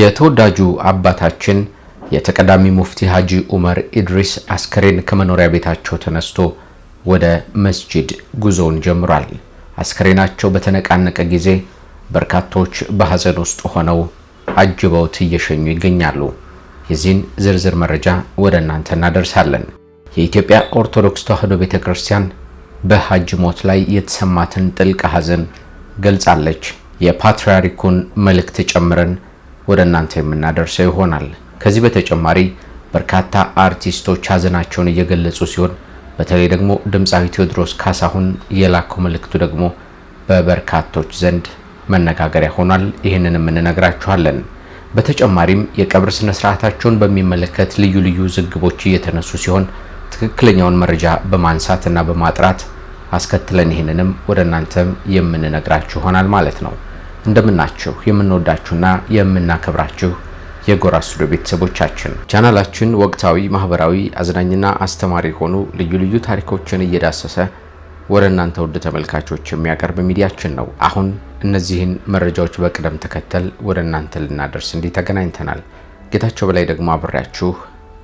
የተወዳጁ አባታችን የተቀዳሚ ሙፍቲ ሀጂ ዑመር ኢድሪስ አስከሬን ከመኖሪያ ቤታቸው ተነስቶ ወደ መስጂድ ጉዞውን ጀምሯል። አስከሬናቸው በተነቃነቀ ጊዜ በርካቶች በሐዘን ውስጥ ሆነው አጅበውት እየሸኙ ይገኛሉ። የዚህን ዝርዝር መረጃ ወደ እናንተ እናደርሳለን። የኢትዮጵያ ኦርቶዶክስ ተዋሕዶ ቤተ ክርስቲያን በሀጂ ሞት ላይ የተሰማትን ጥልቅ ሐዘን ገልጻለች። የፓትርያርኩን መልእክት ጨምረን ወደ እናንተ የምናደርሰው ይሆናል። ከዚህ በተጨማሪ በርካታ አርቲስቶች ሀዘናቸውን እየገለጹ ሲሆን በተለይ ደግሞ ድምፃዊ ቴዎድሮስ ካሳሁን የላከው መልእክቱ ደግሞ በበርካቶች ዘንድ መነጋገሪያ ሆኗል። ይህንንም እንነግራችኋለን። በተጨማሪም የቀብር ስነ ስርዓታቸውን በሚመለከት ልዩ ልዩ ዝግቦች እየተነሱ ሲሆን ትክክለኛውን መረጃ በማንሳትና በማጥራት አስከትለን ይህንንም ወደ እናንተም የምንነግራችሁ ይሆናል ማለት ነው። እንደምናችሁ የምንወዳችሁና የምናከብራችሁ የጎራ ስቱዲዮ ቤተሰቦቻችን ቻናላችን ወቅታዊ፣ ማህበራዊ፣ አዝናኝና አስተማሪ የሆኑ ልዩ ልዩ ታሪኮችን እየዳሰሰ ወደ እናንተ ውድ ተመልካቾች የሚያቀርብ ሚዲያችን ነው። አሁን እነዚህን መረጃዎች በቅደም ተከተል ወደ እናንተ ልናደርስ እንዲህ ተገናኝተናል። ጌታቸው በላይ ደግሞ አብሬያችሁ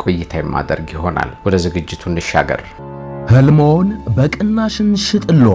ቆይታ የማደርግ ይሆናል። ወደ ዝግጅቱ እንሻገር። ህልሞን በቅናሽን ሽጥሎ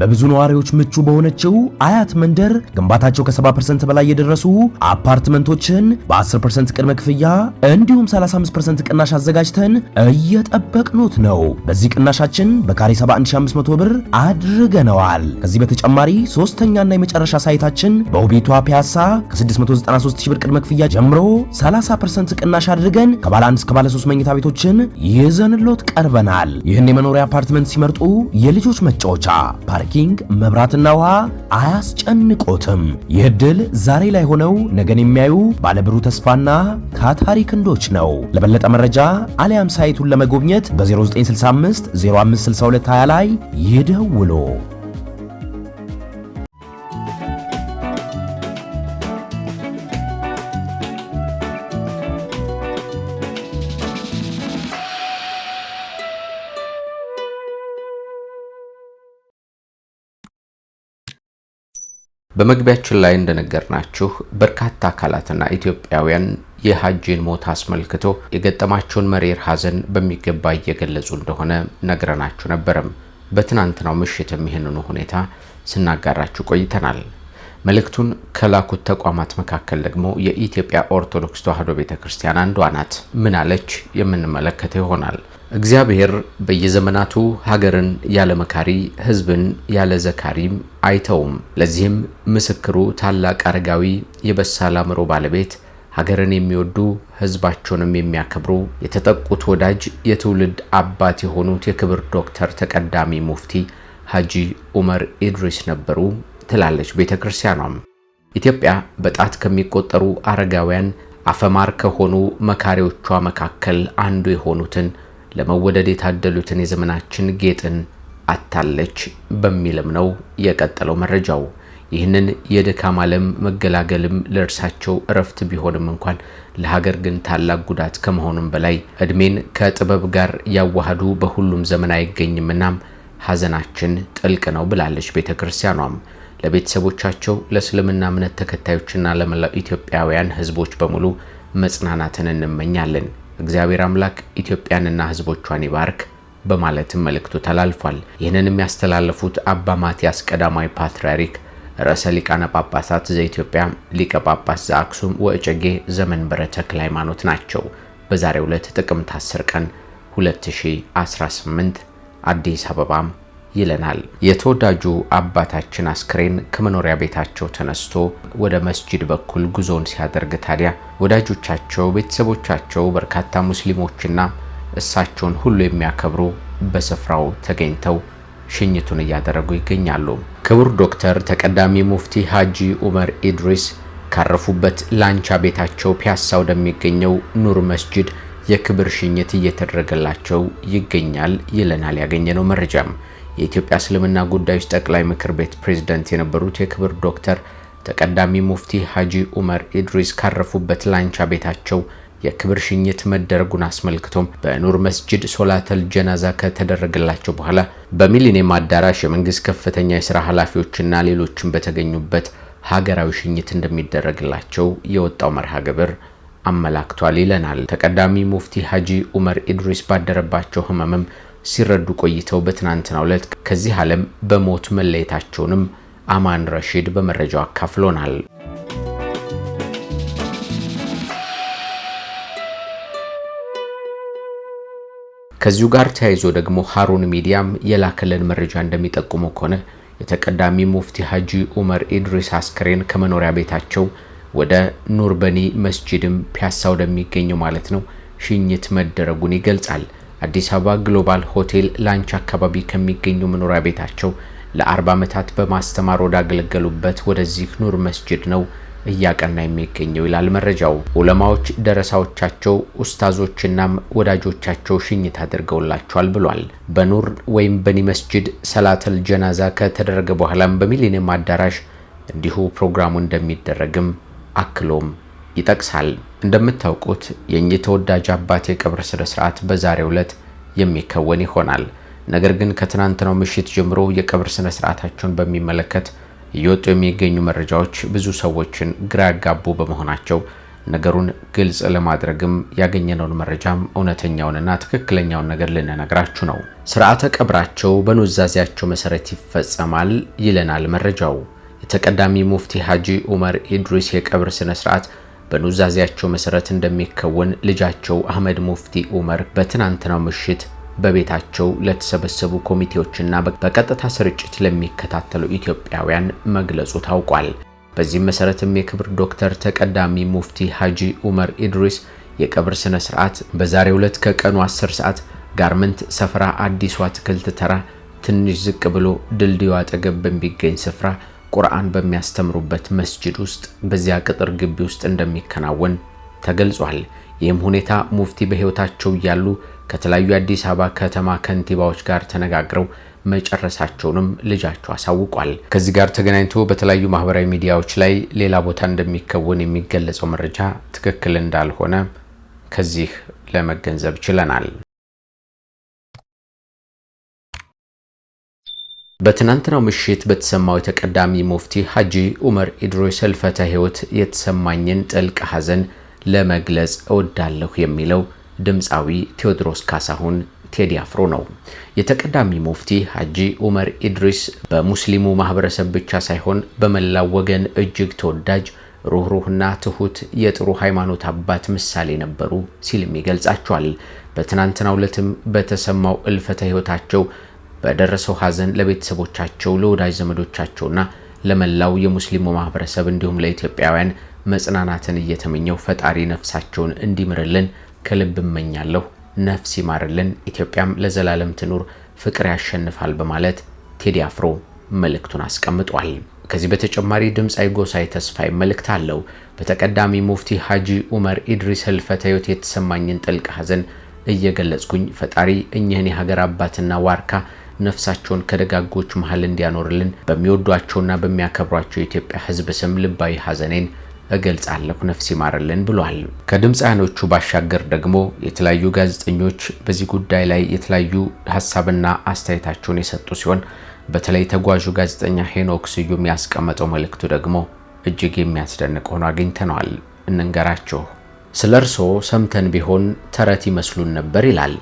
በብዙ ነዋሪዎች ምቹ በሆነችው አያት መንደር ግንባታቸው ከ70% በላይ የደረሱ አፓርትመንቶችን በ10% ቅድመ ክፍያ እንዲሁም 35% ቅናሽ አዘጋጅተን እየጠበቅኑት ነው። በዚህ ቅናሻችን በካሬ 71500 ብር አድርገነዋል። ከዚህ በተጨማሪ ሶስተኛና የመጨረሻ ሳይታችን በውቢቷ ፒያሳ ከ693000 ብር ቅድመ ክፍያ ጀምሮ 30% ቅናሽ አድርገን ከባለ 1 እስከ ባለ 3 መኝታ ቤቶችን ይዘንሎት ቀርበናል። ይህን የመኖር የመኖሪያ አፓርትመንት ሲመርጡ የልጆች መጫወቻ፣ ፓርኪንግ፣ መብራትና ውሃ አያስጨንቆትም። ይህ ዕድል ዛሬ ላይ ሆነው ነገን የሚያዩ ባለብሩህ ተስፋና ታታሪ ክንዶች ነው። ለበለጠ መረጃ አሊያም ሳይቱን ለመጎብኘት በ0965 056220 ላይ ይደውሉ። በመግቢያችን ላይ እንደነገርናችሁ በርካታ አካላትና ኢትዮጵያውያን የሀጅን ሞት አስመልክቶ የገጠማቸውን መሪር ሐዘን በሚገባ እየገለጹ እንደሆነ ነግረናችሁ ነበረም። በትናንትናው ምሽትም ይህንኑ ሁኔታ ስናጋራችሁ ቆይተናል። መልእክቱን ከላኩት ተቋማት መካከል ደግሞ የኢትዮጵያ ኦርቶዶክስ ተዋሕዶ ቤተ ክርስቲያን አንዷ ናት። ምን አለች? የምንመለከተው ይሆናል። እግዚአብሔር በየዘመናቱ ሀገርን ያለ መካሪ ህዝብን ያለ ዘካሪም አይተውም። ለዚህም ምስክሩ ታላቅ አረጋዊ የበሳል አእምሮ ባለቤት ሀገርን የሚወዱ ህዝባቸውንም የሚያከብሩ የተጠቁት ወዳጅ የትውልድ አባት የሆኑት የክብር ዶክተር ተቀዳሚ ሙፍቲ ሀጂ ኡመር ኢድሪስ ነበሩ ትላለች ቤተ ክርስቲያኗም። ኢትዮጵያ በጣት ከሚቆጠሩ አረጋውያን አፈማር ከሆኑ መካሪዎቿ መካከል አንዱ የሆኑትን ለመወደድ የታደሉትን የዘመናችን ጌጥን አታለች በሚልም ነው የቀጠለው መረጃው። ይህንን የድካም ዓለም መገላገልም ለእርሳቸው እረፍት ቢሆንም እንኳን ለሀገር ግን ታላቅ ጉዳት ከመሆኑም በላይ እድሜን ከጥበብ ጋር ያዋህዱ በሁሉም ዘመን አይገኝም። እናም ሐዘናችን ጥልቅ ነው ብላለች ቤተ ክርስቲያኗም። ለቤተሰቦቻቸው ለእስልምና እምነት ተከታዮችና ለመላው ኢትዮጵያውያን ሕዝቦች በሙሉ መጽናናትን እንመኛለን። እግዚአብሔር አምላክ ኢትዮጵያንና ሕዝቦቿን ይባርክ በማለትም መልእክቱ ተላልፏል። ይህንን የሚያስተላለፉት አባ ማቲያስ ቀዳማዊ ፓትርያርክ ርዕሰ ሊቃነ ጳጳሳት ዘኢትዮጵያ ሊቀ ጳጳስ ዘአክሱም ወእጨጌ ዘመንበረ ተክለ ሃይማኖት ናቸው። በዛሬው ዕለት ጥቅምት 10 ቀን 2018 አዲስ አበባም ይለናል። የተወዳጁ አባታችን አስክሬን ከመኖሪያ ቤታቸው ተነስቶ ወደ መስጂድ በኩል ጉዞውን ሲያደርግ ታዲያ ወዳጆቻቸው፣ ቤተሰቦቻቸው፣ በርካታ ሙስሊሞችና እሳቸውን ሁሉ የሚያከብሩ በስፍራው ተገኝተው ሽኝቱን እያደረጉ ይገኛሉ። ክቡር ዶክተር ተቀዳሚ ሙፍቲ ሀጂ ኡመር ኢድሪስ ካረፉበት ላንቻ ቤታቸው ፒያሳ ወደሚገኘው ኑር መስጂድ የክብር ሽኝት እየተደረገላቸው ይገኛል ይለናል ያገኘነው መረጃም። የኢትዮጵያ እስልምና ጉዳዮች ጠቅላይ ምክር ቤት ፕሬዝደንት የነበሩት የክብር ዶክተር ተቀዳሚ ሙፍቲ ሀጂ ኡመር ኢድሪስ ካረፉበት ላንቻ ቤታቸው የክብር ሽኝት መደረጉን አስመልክቶም በኑር መስጅድ ሶላተል ጀናዛ ከተደረገላቸው በኋላ በሚሊኒየም አዳራሽ የመንግስት ከፍተኛ የስራ ኃላፊዎችና ሌሎችም በተገኙበት ሀገራዊ ሽኝት እንደሚደረግላቸው የወጣው መርሃ ግብር አመላክቷል ይለናል። ተቀዳሚ ሙፍቲ ሀጂ ኡመር ኢድሪስ ባደረባቸው ህመምም ሲረዱ ቆይተው በትናንትናው ዕለት ከዚህ ዓለም በሞት መለየታቸውንም አማን ረሺድ በመረጃው አካፍሎናል። ከዚሁ ጋር ተያይዞ ደግሞ ሀሩን ሚዲያም የላከለን መረጃ እንደሚጠቁመው ከሆነ የተቀዳሚ ሙፍቲ ሀጂ ኡመር ኢድሪስ አስክሬን ከመኖሪያ ቤታቸው ወደ ኑርበኒ መስጂድም ፒያሳ ወደሚገኘው ማለት ነው ሽኝት መደረጉን ይገልጻል። አዲስ አበባ ግሎባል ሆቴል ላንች አካባቢ ከሚገኙ መኖሪያ ቤታቸው ለ ለ40 ዓመታት በማስተማር ወዳገለገሉበት ወደዚህ ኑር መስጂድ ነው እያቀና የሚገኘው ይላል መረጃው። ዑለማዎች ደረሳዎቻቸው፣ ኡስታዞችናም ወዳጆቻቸው ሽኝት አድርገውላቸዋል ብሏል። በኑር ወይም በኒ መስጂድ ሰላተል ጀናዛ ከተደረገ በኋላም በሚሊኒየም አዳራሽ እንዲሁ ፕሮግራሙ እንደሚደረግም አክሎም ይጠቅሳል። እንደምታውቁት የእኚህ ተወዳጅ አባት የቀብር ስነ ስርዓት በዛሬው ዕለት የሚከወን ይሆናል። ነገር ግን ከትናንትናው ምሽት ጀምሮ የቀብር ስነ ስርዓታቸውን በሚመለከት እየወጡ የሚገኙ መረጃዎች ብዙ ሰዎችን ግራ ያጋቡ በመሆናቸው ነገሩን ግልጽ ለማድረግም ያገኘነውን መረጃም እውነተኛውንና ትክክለኛውን ነገር ልንነግራችሁ ነው። ስርዓተ ቀብራቸው በኑዛዜያቸው መሰረት ይፈጸማል ይለናል መረጃው። የተቀዳሚ ሙፍቲ ሀጂ ዑመር ኢድሪስ የቀብር ስነ ስርዓት በኑዛዜያቸው መሰረት እንደሚከወን ልጃቸው አህመድ ሙፍቲ ኡመር በትናንትናው ምሽት በቤታቸው ለተሰበሰቡ ኮሚቴዎችና በቀጥታ ስርጭት ለሚከታተሉ ኢትዮጵያውያን መግለጹ ታውቋል። በዚህም መሰረትም የክብር ዶክተር ተቀዳሚ ሙፍቲ ሀጂ ኡመር ኢድሪስ የቀብር ስነ ስርዓት በዛሬው ዕለት ከቀኑ 10 ሰዓት ጋርመንት ሰፈራ አዲሱ አትክልት ተራ ትንሽ ዝቅ ብሎ ድልድዩ አጠገብ በሚገኝ ስፍራ ቁርአን በሚያስተምሩበት መስጂድ ውስጥ በዚያ ቅጥር ግቢ ውስጥ እንደሚከናወን ተገልጿል። ይህም ሁኔታ ሙፍቲ በሕይወታቸው እያሉ ከተለያዩ አዲስ አበባ ከተማ ከንቲባዎች ጋር ተነጋግረው መጨረሳቸውንም ልጃቸው አሳውቋል። ከዚህ ጋር ተገናኝቶ በተለያዩ ማህበራዊ ሚዲያዎች ላይ ሌላ ቦታ እንደሚከወን የሚገለጸው መረጃ ትክክል እንዳልሆነ ከዚህ ለመገንዘብ ችለናል። በትናንትናው ምሽት በተሰማው የተቀዳሚ ሙፍቲ ሐጂ ኡመር ኢድሪስ ሕልፈተ ሕይወት የተሰማኝን ጥልቅ ሐዘን ለመግለጽ እወዳለሁ የሚለው ድምፃዊ ቴዎድሮስ ካሳሁን ቴዲ አፍሮ ነው። የተቀዳሚ ሙፍቲ ሐጂ ዑመር ኢድሪስ በሙስሊሙ ማህበረሰብ ብቻ ሳይሆን በመላው ወገን እጅግ ተወዳጅ ሩህሩህና ትሁት የጥሩ ሃይማኖት አባት ምሳሌ ነበሩ ሲልም ይገልጻቸዋል። በትናንትናው ዕለትም በተሰማው እልፈተ ሕይወታቸው በደረሰው ሐዘን ለቤተሰቦቻቸው ለወዳጅ ዘመዶቻቸውና ለመላው የሙስሊሙ ማህበረሰብ እንዲሁም ለኢትዮጵያውያን መጽናናትን እየተመኘው ፈጣሪ ነፍሳቸውን እንዲምርልን ከልብ እመኛለሁ። ነፍስ ይማርልን፣ ኢትዮጵያም ለዘላለም ትኑር፣ ፍቅር ያሸንፋል በማለት ቴዲ አፍሮ መልእክቱን አስቀምጧል። ከዚህ በተጨማሪ ድምፃዊ ጎሳዬ ተስፋዬ መልእክት አለው። በተቀዳሚ ሙፍቲ ሐጂ ኡመር ኢድሪስ ህልፈተ ህይወት የተሰማኝን ጥልቅ ሐዘን እየገለጽኩኝ ፈጣሪ እኚህን የሀገር አባትና ዋርካ ነፍሳቸውን ከደጋጎች መሀል እንዲያኖርልን በሚወዷቸውና በሚያከብሯቸው የኢትዮጵያ ሕዝብ ስም ልባዊ ሐዘኔን እገልጻለሁ። ነፍስ ይማርልን ብሏል። ከድምፃያኖቹ ባሻገር ደግሞ የተለያዩ ጋዜጠኞች በዚህ ጉዳይ ላይ የተለያዩ ሀሳብና አስተያየታቸውን የሰጡ ሲሆን በተለይ ተጓዡ ጋዜጠኛ ሄኖክ ስዩም ያስቀመጠው መልእክቱ ደግሞ እጅግ የሚያስደንቅ ሆኖ አግኝተነዋል። እንንገራችሁ። ስለ እርስዎ ሰምተን ቢሆን ተረት ይመስሉን ነበር ይላል።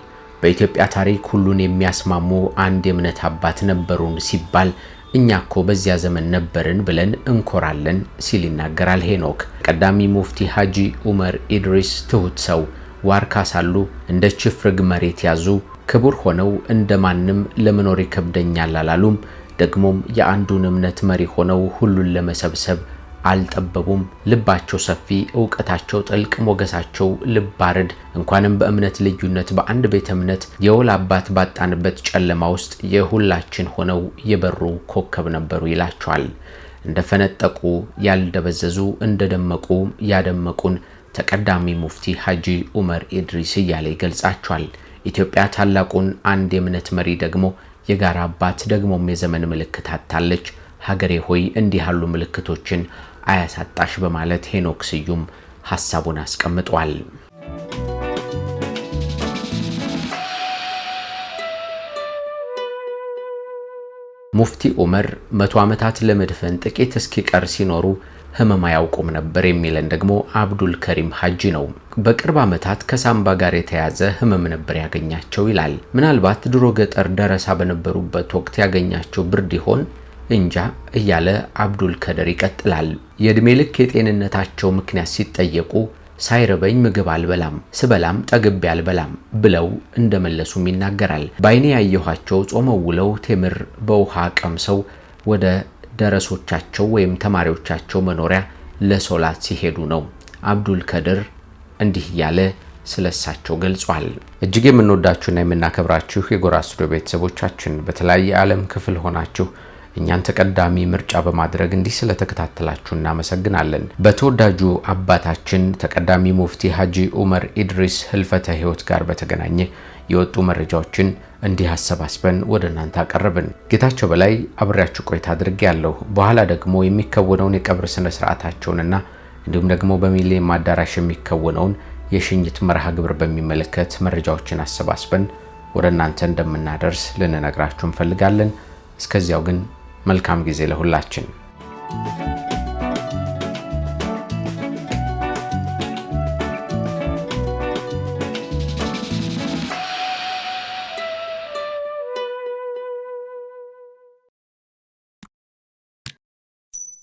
በኢትዮጵያ ታሪክ ሁሉን የሚያስማሙ አንድ የእምነት አባት ነበሩን ሲባል እኛ እኮ በዚያ ዘመን ነበርን ብለን እንኮራለን ሲል ይናገራል ሄኖክ። ቀዳሚ ሙፍቲ ሀጂ ዑመር ኢድሪስ ትሁት ሰው ዋርካ ሳሉ እንደ ችፍርግ መሬት ያዙ። ክቡር ሆነው እንደ ማንም ለመኖር ይከብደኛል አላሉም። ደግሞም የአንዱን እምነት መሪ ሆነው ሁሉን ለመሰብሰብ አልጠበቡም። ልባቸው ሰፊ፣ እውቀታቸው ጥልቅ፣ ሞገሳቸው ልባርድ። እንኳንም በእምነት ልዩነት በአንድ ቤተ እምነት የወል አባት ባጣንበት ጨለማ ውስጥ የሁላችን ሆነው የበሩ ኮከብ ነበሩ ይላቸዋል። እንደፈነጠቁ ያልደበዘዙ፣ እንደደመቁ ያደመቁን ተቀዳሚ ሙፍቲ ሀጂ ኡመር ኢድሪስ እያለ ይገልጻቸዋል። ኢትዮጵያ ታላቁን አንድ የእምነት መሪ ደግሞ የጋራ አባት ደግሞም የዘመን ምልክት አታለች። ሀገሬ ሆይ እንዲህ ያሉ ምልክቶችን አያሳጣሽ በማለት ሄኖክ ስዩም ሀሳቡን አስቀምጧል። ሙፍቲ ዑመር መቶ ዓመታት ለመድፈን ጥቂት እስኪቀር ሲኖሩ ህመም አያውቁም ነበር የሚለን ደግሞ አብዱል ከሪም ሀጂ ነው። በቅርብ ዓመታት ከሳምባ ጋር የተያዘ ህመም ነበር ያገኛቸው ይላል። ምናልባት ድሮ ገጠር ደረሳ በነበሩበት ወቅት ያገኛቸው ብርድ ይሆን? እንጃ እያለ አብዱል ከደር ይቀጥላል። የዕድሜ ልክ የጤንነታቸው ምክንያት ሲጠየቁ ሳይርበኝ ምግብ አልበላም፣ ስበላም ጠግቤ አልበላም ብለው እንደመለሱም ይናገራል። በአይኔ ያየኋቸው ጾመው ውለው ቴምር በውሃ ቀምሰው ወደ ደረሶቻቸው ወይም ተማሪዎቻቸው መኖሪያ ለሶላት ሲሄዱ ነው። አብዱል ከድር እንዲህ እያለ ስለሳቸው ገልጿል። እጅግ የምንወዳችሁና የምናከብራችሁ የጎራ ስቱዲዮ ቤተሰቦቻችን በተለያየ ዓለም ክፍል ሆናችሁ እኛን ተቀዳሚ ምርጫ በማድረግ እንዲህ ስለተከታተላችሁ እናመሰግናለን። በተወዳጁ አባታችን ተቀዳሚ ሙፍቲ ሀጂ ኡመር ኢድሪስ ህልፈተ ህይወት ጋር በተገናኘ የወጡ መረጃዎችን እንዲህ አሰባስበን ወደ እናንተ አቀረብን። ጌታቸው በላይ አብሬያችሁ ቆይታ አድርጌ ያለሁ። በኋላ ደግሞ የሚከወነውን የቀብር ስነ ስርዓታቸውንና እንዲሁም ደግሞ በሚሌኒየም አዳራሽ የሚከወነውን የሽኝት መርሃ ግብር በሚመለከት መረጃዎችን አሰባስበን ወደ እናንተ እንደምናደርስ ልንነግራችሁ እንፈልጋለን። እስከዚያው ግን መልካም ጊዜ ለሁላችን።